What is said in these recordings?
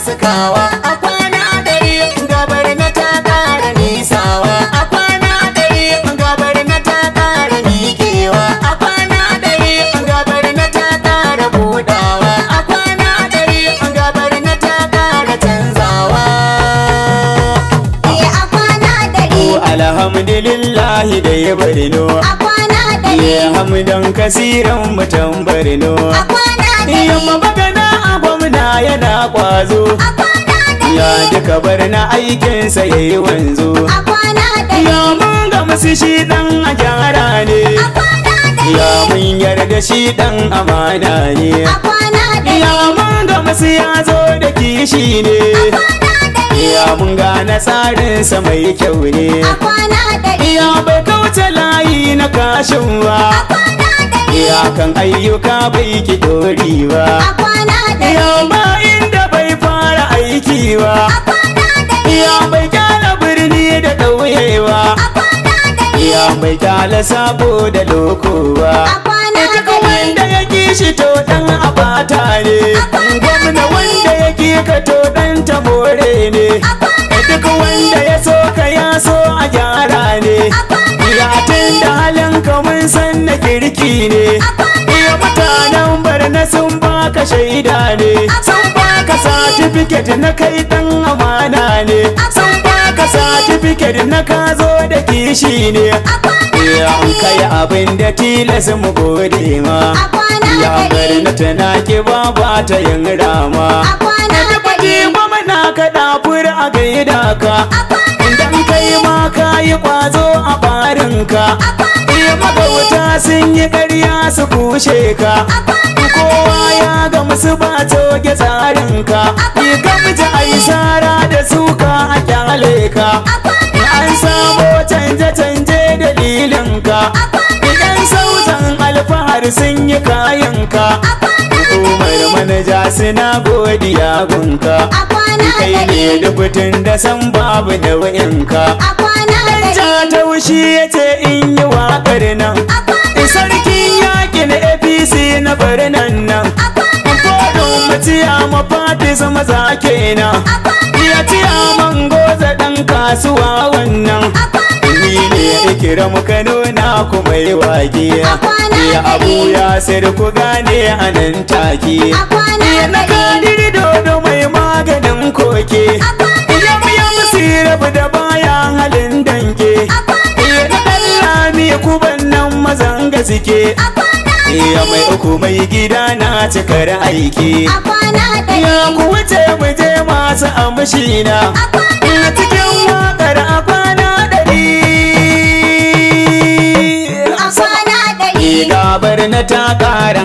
sakawa a kwana dare, gabar na ta kara nisawa a kwana dare, gabar na ta kara miƙewa a kwana dare, gabar na ta kara budawa a kwana dare, gabar na ta kara canzawa eh, a kwana dare, alhamdulillahi da ya bari no a kwana dari eh, hamdan kasiran mutan bari no a kwana dari yana kwazo ya duka bar na aikinsa ya yi wanzo ya mun ga masu shi dan a gyara ne ya mun yarda shi dan amana ne ya mun ga masu ya zo da kishi ne Ya mun gane tsarinsa mai kyau ne. Ya bai kauce layi na kashin ba. iyakan ayyuka bai ki dori ba ya ma inda bai fara aiki ba ya bai kyala birni da ɗauyewa. ya bai kyala sabo da loko ba wanda ya gishi to ɗan abata ne gwamna wanda ya ki to ɗan tamore ne shaida ne sun baka certificate na kai dan amana ne sun baka certificate na ka zo da kishi ne ya kai abin da tilas mu gode ma ya bar na ki ba ta yin rama ta dafur a gaida ka idan kai ma ka yi kwazo a barinka iya magauta sun yi ƙarya su kushe ka kowa ya ga musu ba toge tsarinka yi gamji a yi shara da suka a kyale ka an samo canje-canje dalilinka idan sautan alfahar sun yi kayanka manaja suna godiya gunka kai ne dubutun da san babu da wayanka ja ta wushi ya ce in yi waƙar nan sarkin na apc na birnin nan kodin mutiya fati zama za na ya tiya mangoza ɗan kasuwa wannan ni ne ikira kano. ku mai wage ya abu ya sayar ku gane a nan take ya na kadir dodo mai maganin koke ya biya musirabu da bayan halin dange ya na ɗallami kuban nan mazanga gaske ya mai uku mai gida na cikar aiki ya kuwa ce mu je masu amshina cikin wakar akwai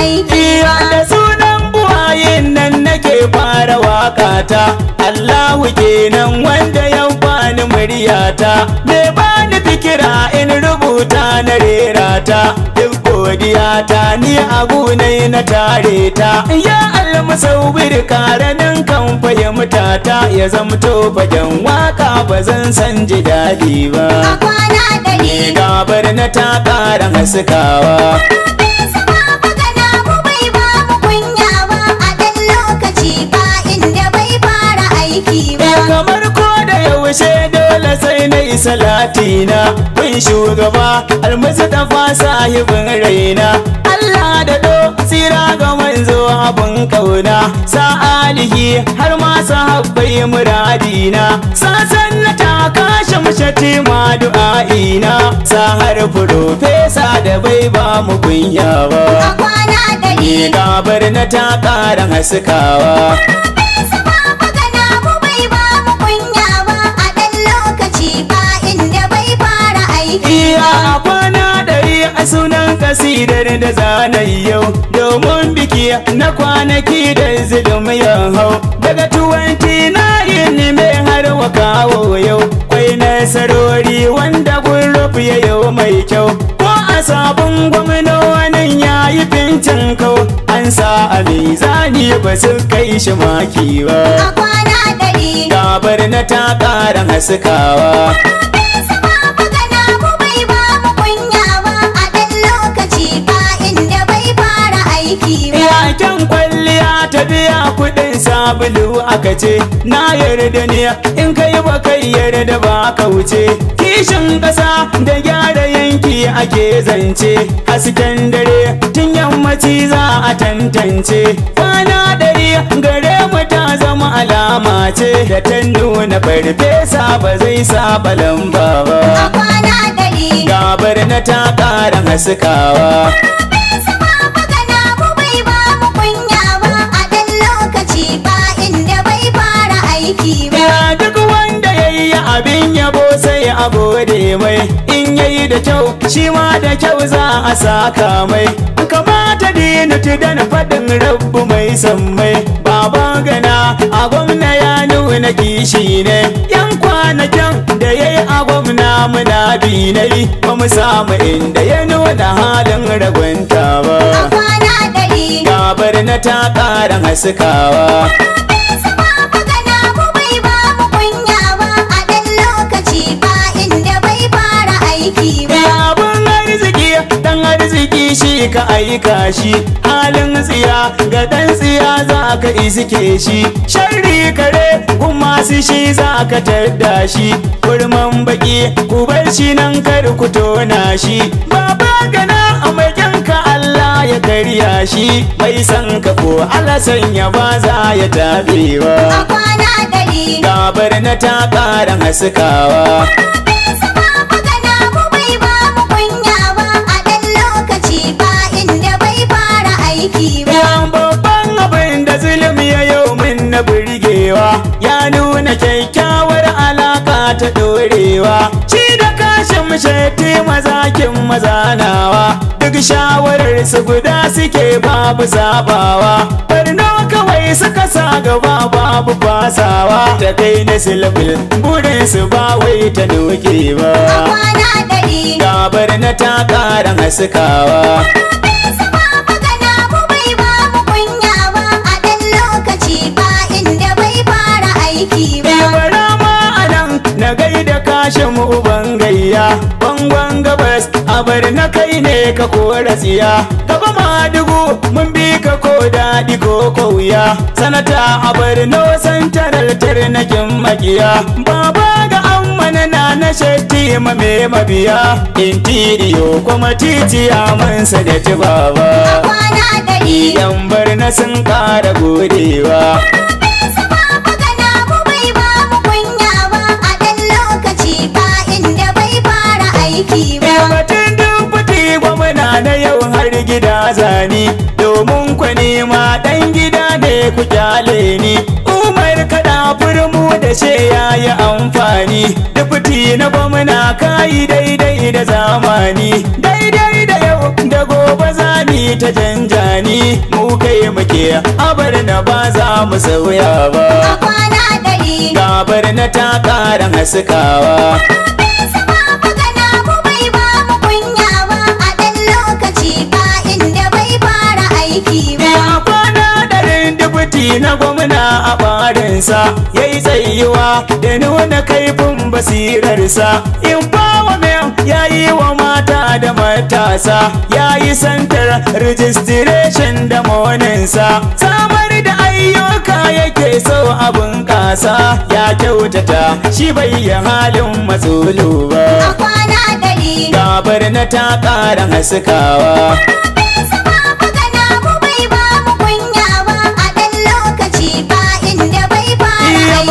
aiki iya da sunan buwayen nan nake fara wakata Allahu kenan wanda ya bani muryata me bani fikira in rubuta na rera ta duk godiya ta ni abu ne na tare ta ya almusawir karanin kan fahimta ta ya zamto fagen waka ba zan san ji daɗi ba a kwana gabar na ta ƙara haskawa salatina mun shugaba almustafa sahibin sahibin raina Allah da do sira ga manzo abun kauna sa alihi har ma sahabbai muradina sa sannata kashe mashati ma du'a'ina sa harfi fesa da bai ba mu kunya ba a kwana da ni gabar na ta ƙara haskawa a sunan kasidar da zana yau domin biki na kwanaki da zulum ya hau daga 29 na yin mai har wa kawo yau kwai nasarori wanda gurruf ya yau mai kyau ko a sabon gwamnonin ya yi fincin kau an sa a mizani ba su kai shi maki ba a kwana gabar na ta ƙara haskawa bakin kwalliya ta biya kuɗin sabulu aka ce na yarda ne in kai ba kai yarda ba ka wuce kishin ƙasa da gyara yanki ake zance hasken dare tun yammaci za a tantance kwana ɗari gare mu ta zama alama ce da ta nuna farfesa ba zai saba lamba ba a kwana gabar na ta ƙara haskawa da kyau shi ma da kyau za a saka mai kamata dinuti da na faɗin rabu mai sammai baba gana a gwamna ya nuna kishi ne yan kwanakin da ya yi a gwamna muna binai ba mu samu inda ya nuna halin ragwanta ba gabar na ta ƙara haskawa ka aika shi halin tsiya ga dan tsiya za ka iske shi sharri kare kuma su shi za ka tarda shi kurman baki ku bar shi nan kar ku tona shi baba gana a ka Allah ya karya shi mai san ka ko alasan ya ba za ya tabewa a kwana gari gabar na ta ƙara haskawa aiki ba babban abin da zulum ya yau min na burgewa ya nuna kyakkyawar alaka ta dorewa shi da kashin shetti maza mazanawa duk shawarar su guda suke babu zabawa barno kawai suka sa gaba babu fasawa ta kai na silbil burin su ba wai ta doke ba ga barna ta ƙara haskawa bar na kai ne ka kora siya Gaba madugu mun bi ka ko daɗi ko ko sanata a bar na wasan na kin magiya baba ga ammana na na shetti ma me mabiya In intiriyo kuma titiya man sadati baba kwana yan bar na sun ƙara godewa zani domin ku ma dan gida ne ku kyale ni umar kada furmu da she yayi amfani dufti na gwamna kai daidai da zamani daidai da yau da gobe zani ta janjani mu kai muke abar na ba za mu sauya ba gabar na ta karan haskawa aiki Kwana na gwamna a ɓarinsa ya yi tsayuwa da nuna kaifin basirarsa. In Empowerment ya yi wa mata da matasa ya yi santar registration da moninsa. Samar da ayyuka yake so abin ƙasa ya kyautata shi bai yi halin matsolo ba. A kwana Gabar na ta ƙara haskawa.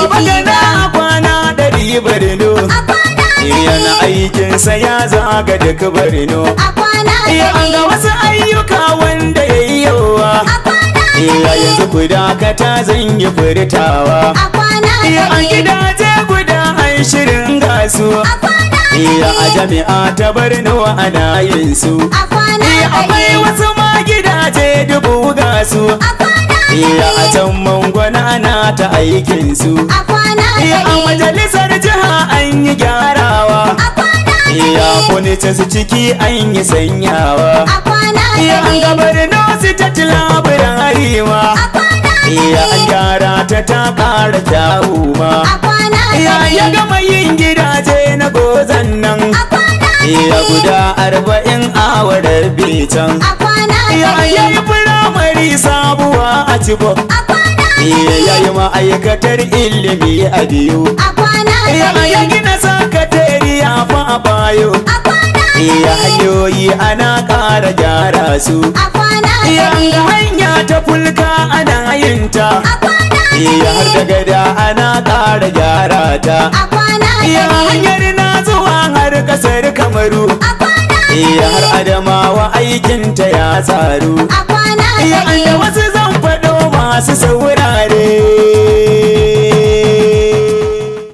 magana kwana ɗari barino yana aikinsa ya zaga duk barino iya an ga wasu ayyuka wanda ya yi yawa iya yanzu guda kata zan yi furtawa iya an gidaje guda an shirin gasu iya a jami'a ta barno ana yin su iya akwai wasu ma gidaje dubu gasu Iya a can mangwana ana ta aikin su. A kwana Iya a majalisar jiha an yi gyarawa. A kwana Iya su ciki an yi sanyawa. A kwana Iya an gabar nosi ta tilabirari ma. Iya an gyara ta ta ƙara kyawu ma. Iya ya gama yin gidaje na gozan nan. Iya guda arba'in a wadar bitan yayi firamari sabuwa a cibok Yayin ma'aikatar ilimi a biyu Yayin gina sakatari a fa a bayo Iya hanyoyi ana ƙara gyara su Yayin hanya ta fulka ana yinta Iya har da gada ana ƙara gyara ta Iya hanyar na zuwa kasar kamaru iya eh, har adamawa aikinta ya tsaru iya da wasu zan faɗo masu saurare